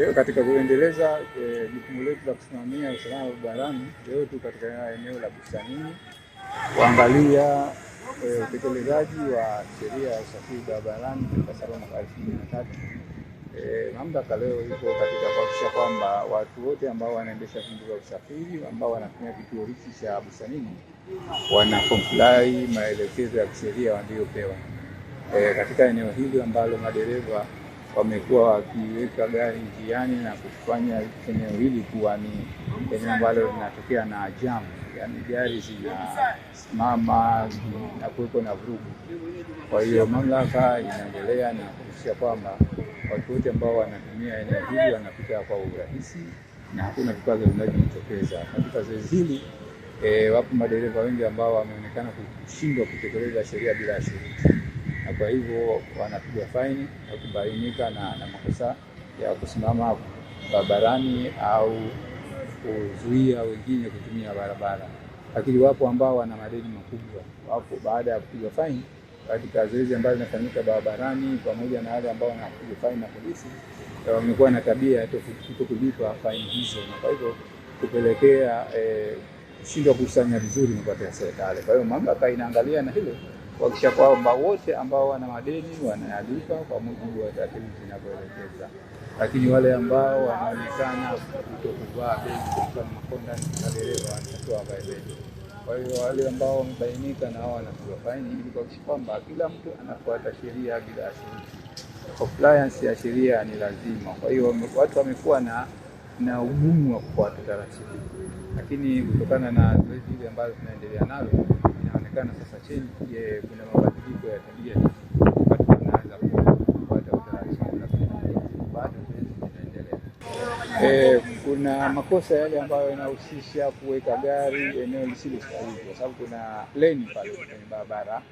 Leo katika kuendeleza eh, jukumu letu la kusimamia usalama barabarani, leo tu katika eneo la Bustanini kuangalia eh, utekelezaji wa sheria ya usafiri barabarani katika sara mwaka elfu mbili na tatu. E, mamlaka leo ipo katika kuhakikisha kwamba watu wote ambao wanaendesha vyombo vya usafiri ambao wanatumia kituo hiki cha Bustanini wana comply maelekezo ya kisheria waliopewa e, katika eneo hili ambalo madereva wamekuwa wakiweka gari njiani na kufanya eneo hili kuwa ni eneo ambalo linatokea na ajamu, yaani gari zinasimama na kuweko na vurugu. Kwa hiyo mamlaka inaendelea na kuhakikisha kwamba watu wote ambao wanatumia eneo hili wanapita kwa urahisi na hakuna vikwazo vinavyojitokeza katika zoezi hili. E, wapo madereva wengi ambao wameonekana kushindwa kutekeleza sheria bila shuruti na kwa hivyo wanapiga faini kubainika na, na makosa ya kusimama barabarani au kuzuia wengine kutumia barabara. Lakini wapo ambao wana madeni makubwa, wapo baada ya kupiga faini katika zoezi ambayo linafanyika barabarani, pamoja na wale ambao wanapiga faini na polisi, wamekuwa na tabia ya kulipa faini hizo, na kwa hivyo kupelekea eh, kushindwa kusanya vizuri mapato ya serikali. Kwa hiyo mamlaka inaangalia na hilo kuhakikisha kwamba wote ambao wana madeni wanayalipa kwa mujibu wa taratibu zinavyoelekeza, lakini wale ambao wanaonekana kutokuvaa begi, kwa mfano wanatakiwa wavae Kwa hiyo wale ambao wamebainika na wao wanapigwa faini, ili kuhakikisha kwamba kila mtu anafuata sheria bila asilimiki. Compliance ya sheria ni lazima. Kwa hiyo watu wamekuwa na na ugumu wa kufuata taratibu, lakini kutokana na zoezi hili ambalo tunaendelea nalo inaonekana sasa cheni, je, kuna mabadiliko ya tabia E, kuna makosa yale ambayo yanahusisha kuweka gari eneo lisilo sahihi, kwa sababu kuna leni pale kwenye barabara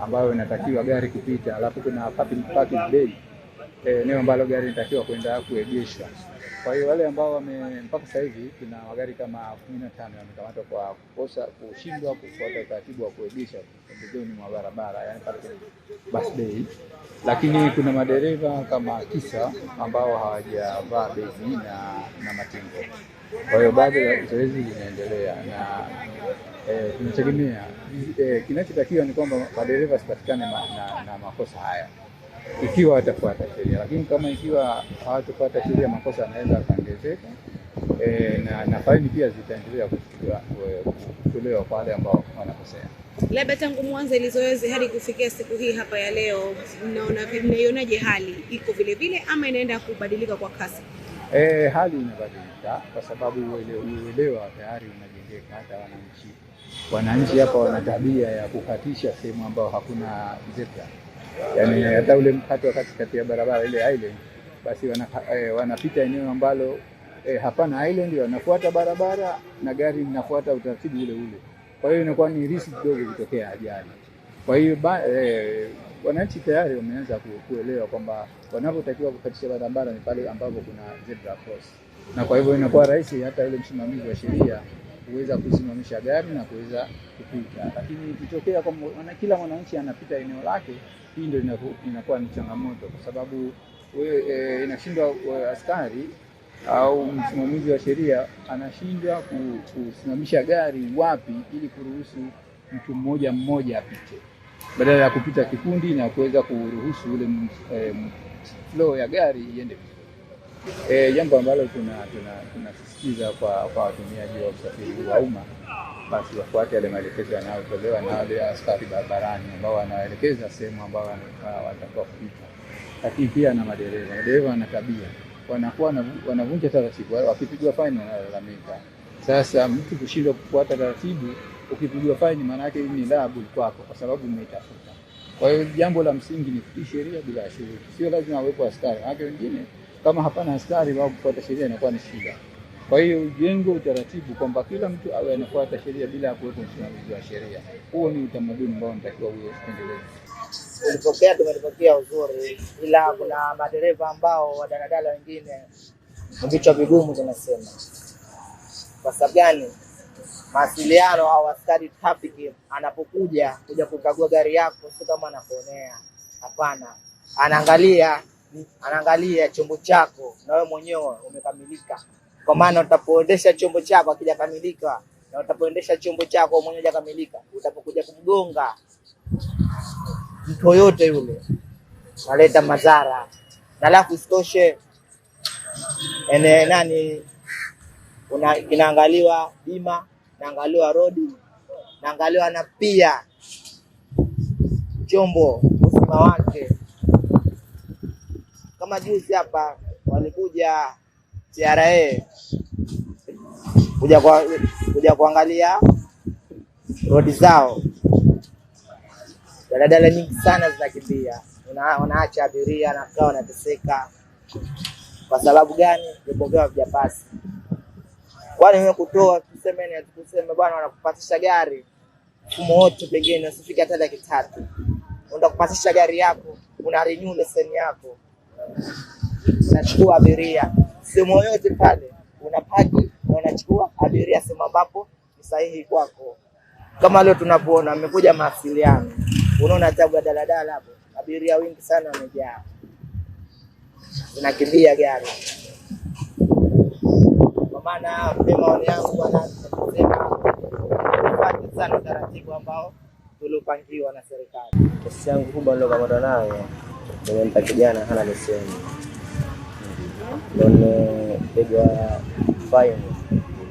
ambayo inatakiwa gari kupita, alafu kuna parking bay Eh, eneo ambalo gari linatakiwa kwenda kuegeshwa. Kwa hiyo wale ambao wame mpaka sasa hivi kuna magari kama kumi yamekamatwa kwa kukosa kushindwa kufuata utaratibu wa kuegesha pembezoni mwa barabara, yani pale bus bay, lakini kuna madereva kama tisa ambao hawajavaa begi na, na matingo. Kwa hiyo bado zoezi linaendelea na eh, tunategemea eh, kinachotakiwa ni kwamba madereva wasipatikane na, na makosa haya ikiwa watafuata sheria, lakini kama ikiwa hawatafuata sheria, makosa yanaweza kuongezeka e, na, na faini pia zitaendelea kutolewa kwa wale ambao wanakosea. Labda tangu mwanzo ile zoezi hadi kufikia siku hii hapa ya leo, mnaona mnaionaje? Hali iko vile vile ama inaenda kubadilika kwa kasi? E, hali inabadilika kwa sababu uelewa tayari unajengeka. Hata wananchi wananchi hapa wana tabia ya kukatisha sehemu ambao hakuna zebra yani hata ule mkato wa katikati ya barabara ile island, basi wanapita eh, wanapita eneo ambalo eh, hapana island, wanafuata barabara na gari linafuata utaratibu ule ule, kwa hiyo inakuwa ni risk kidogo kutokea ajali. Kwa hiyo eh, wananchi tayari wameanza kuelewa kwamba wanapotakiwa kukatisha barabara ni pale ambapo kuna zebra cross, na kwa hivyo inakuwa rahisi hata yule msimamizi wa sheria kuweza kusimamisha gari na kuweza kupita, lakini ikitokea kwamba kila mwananchi anapita eneo lake hii ndio inakuwa ni changamoto kwa sababu we, e, inashindwa e, askari au msimamizi wa sheria anashindwa kusimamisha gari wapi ili kuruhusu mtu mmoja mmoja apite badala ya kupita kikundi na kuweza kuruhusu ule e, flow ya gari iende. Eh, jambo ambalo tunasisitiza tuna, tuna kwa watumiaji wa usafiri wa umma basi wafuate yale maelekezo yanayotolewa na wale askari barabarani ambao wanaelekeza sehemu ambao watakuwa kupita, lakini pia na madereva. Madereva wana tabia, wanakuwa wanavunja taratibu, wakipigwa faini wanalalamika. Sasa mtu kushindwa kufuata taratibu, ukipigwa faini, maana yake ni adhabu kwako, kwa sababu umeitafuta. Kwa hiyo jambo la msingi ni kutii sheria bila shuruti. Sio lazima awepo askari, maana wengine kama hapana askari, wao kufuata sheria inakuwa ni shida. Kwa hiyo ujengwe utaratibu kwamba kila mtu awe anafuata sheria bila ya kuwepo msimamizi wa sheria. Huo ni utamaduni ambao unatakiwa uwe Tulipokea, tumelipokea uzuri, ila kuna madereva ambao wa daladala wengine vichwa vigumu, tunasema kwa sababu gani? Mawasiliano au askari trafiki anapokuja kuja kukagua gari yako, sio kama anakuonea, hapana, anaangalia anaangalia chombo chako na wewe mwenyewe umekamilika, kwa maana utapoendesha chombo chako akijakamilika na utapoendesha chombo chako mwenyewe hajakamilika, utapokuja kumgonga mtu yoyote yule naleta madhara, na alafu usitoshe ene nani una inaangaliwa bima, naangaliwa rodi, naangaliwa na pia chombo uzima wake kama juzi hapa walikuja TRA kuja kwa, kuja kuangalia rodi zao, daladala nyingi sana zinakimbia, wanaacha abiria nakaa wanateseka. Kwa sababu gani? Vipokeo vyao Kwani wewe kutoa ni tuseme bwana, wanakupatisha gari mfumo wote, pengine usifike hata laki tatu, unataka kupatisha gari yako, una renew leseni yako nachukua abiria sehemu yoyote pale, unapaki unachukua abiria sehemu ambapo ni sahihi kwako. Kama leo tunavyoona amekuja mawasiliano, unaona tabu ya daladala hapo, abiria wengi sana wamejaa, unakimbia gari. Kwa maana mimi maoni yangu bwana, tufuate sana utaratibu ambao tuliopangiwa na serikali. Kesi yangu kubwa ndio kamatwa nayo nimempa kijana hana leseni, ndo nimepigwa faini,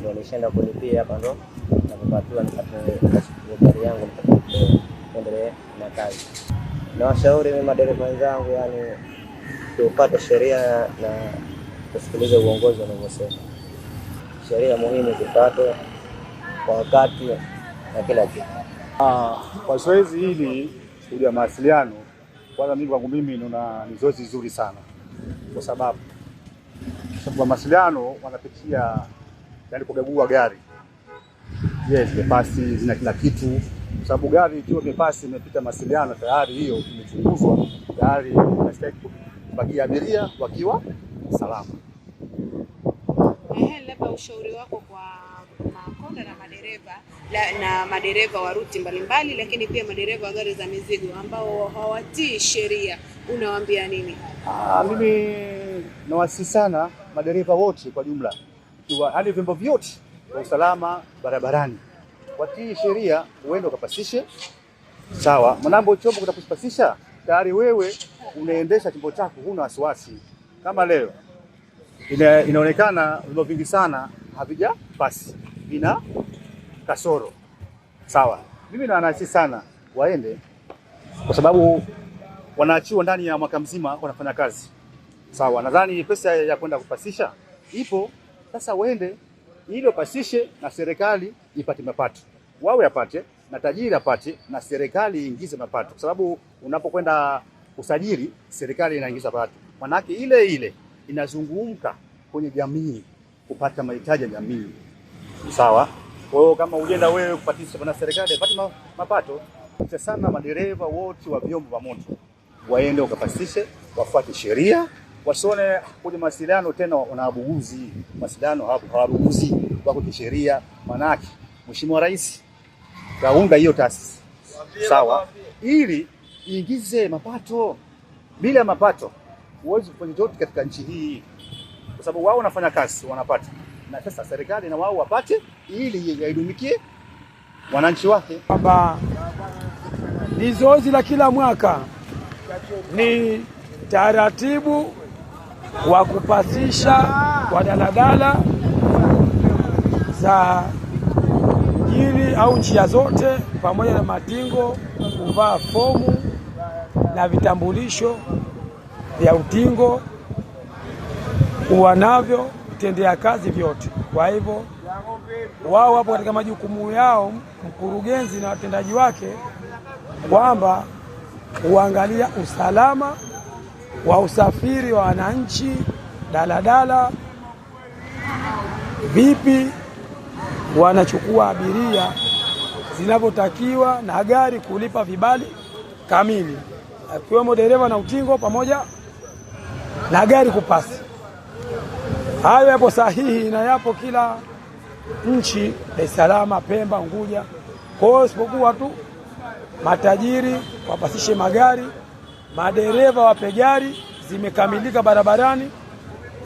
ndo nishaenda kulipia hapa, ndo nakopatiwa gari yangu endelee na kazi. Na washauri mi madereva wenzangu, yani tuupate sheria na kusikiliza uongozi wanavyosema. Sheria muhimu zipatwe kwa wakati na kila kitu. Ah, kwa zoezi hili ya mawasiliano kwanza mimi kwangu mimi nina ni zoezi zuri sana, kwa sababu kwa mawasiliano wanapitia yani kugagua gari yes, zimepasi zina kila kitu, kwa sababu gari ikiwa mepasi imepita mawasiliano tayari, hiyo imechunguzwa, gari inastahili abiria wakiwa salama. Ehe, labda ushauri wako kwa bodaboda na madereva la, na madereva wa ruti mbalimbali, lakini pia madereva wa gari za mizigo ambao hawatii sheria, unawaambia nini? Ah, mimi nawasihi sana madereva wote kwa jumla, ikiwa hadi vyombo vyote vya usalama barabarani watii sheria, uende ukapasishe sawa. Mwanambo chombo kutakuspasisha tayari wewe unaendesha chombo chako, huna wasiwasi. Kama leo ina, inaonekana vyombo vingi sana havija pasi vina kasoro sawa. Mimi nawanasi sana waende, kwa sababu wanaachiwa ndani ya mwaka mzima wanafanya kazi sawa. Nadhani pesa ya kwenda kupasisha ipo sasa, waende ili wapasishe na serikali ipate mapato, wawe apate na tajiri apate na serikali iingize mapato, kwa sababu unapokwenda usajili serikali inaingiza pato, manake ile ile inazungumka kwenye jamii kupata mahitaji ya jamii sawa. Kwa hiyo kama ujenda wewe kupatisha na serikali pati mapato sana, madereva wote wa vyombo vya moto waende wakapasishe, wafuate sheria, wasione kwenye mawasiliano tena wanaabuguzi. Mawasiliano hawabuguzi, wako kisheria. Manake Mheshimiwa Rais kaunda hiyo taasisi sawa, ili ingize mapato. Bila mapato huwezi kufanya chochote katika nchi hii, kwa sababu wao wanafanya kazi, wanapata na sasa serikali na wao wapate ili yaidumikie wananchi wake. Baba, ni zoezi la kila mwaka, ni taratibu wa kupasisha kwa daladala za jili au njia zote pamoja na matingo kuvaa fomu na vitambulisho vya utingo uwanavyo navyo vitendea kazi vyote. Kwa hivyo wao wapo katika majukumu yao, mkurugenzi na watendaji wake, kwamba kuangalia usalama wa usafiri wa wananchi, daladala vipi wanachukua abiria zinavyotakiwa, na gari kulipa vibali kamili, akiwemo dereva na utingo pamoja na gari kupasi Hayo yapo sahihi na yapo kila nchi, Dar es Salaam, Pemba, Unguja. Kwa hiyo isipokuwa tu matajiri wapasishe magari, madereva wape gari, zimekamilika barabarani,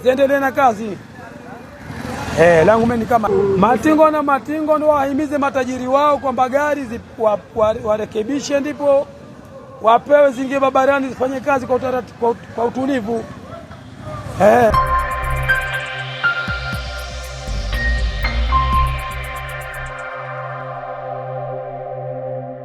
ziendelee na kazi. Eh, langu mimi kama Matingo na Matingo ndo wahimize matajiri wao kwamba gari warekebishe wa, wa ndipo wapewe zingie barabarani zifanye kazi kwa, kwa utulivu eh.